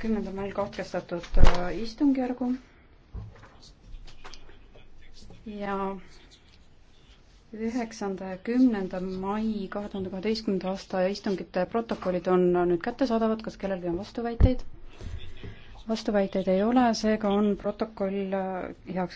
kümnendal mail katkestatud äh, istungjärgu ja üheksanda ja kümnenda mai kahe tuhande kaheteistkümnenda aasta istungite protokollid on nüüd kättesaadavad, kas kellelgi on vastuväiteid? vastuväiteid ei ole, seega on protokoll äh, heaks